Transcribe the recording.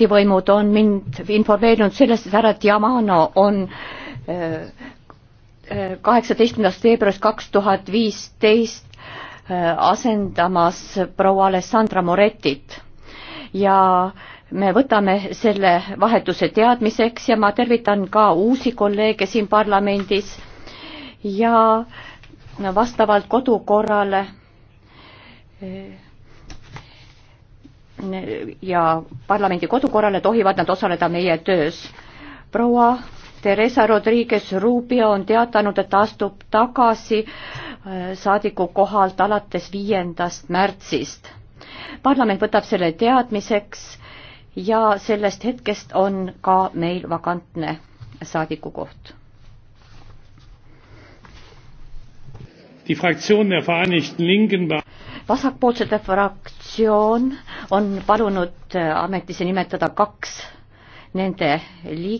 ametivõimud on mind informeerinud sellest, et härra Diamano on äh, kaheksateistkümnendast veebruarist kaks tuhat viisteist äh, asendamas proua Alessandra Moretit ja me võtame selle vahetuse teadmiseks ja ma tervitan ka uusi kolleege siin parlamendis ja vastavalt kodukorrale äh, ja parlamendi kodukorrale tohivad nad osaleda meie töös. proua Teresa Rodriguez Rubio on teatanud, et ta astub tagasi äh, saadiku kohalt alates viiendast märtsist. parlament võtab selle teadmiseks ja sellest hetkest on ka meil vakantne saadikukoht vasakpoolsete fraktsioon on palunud äh, ametisse nimetada kaks nende liiget.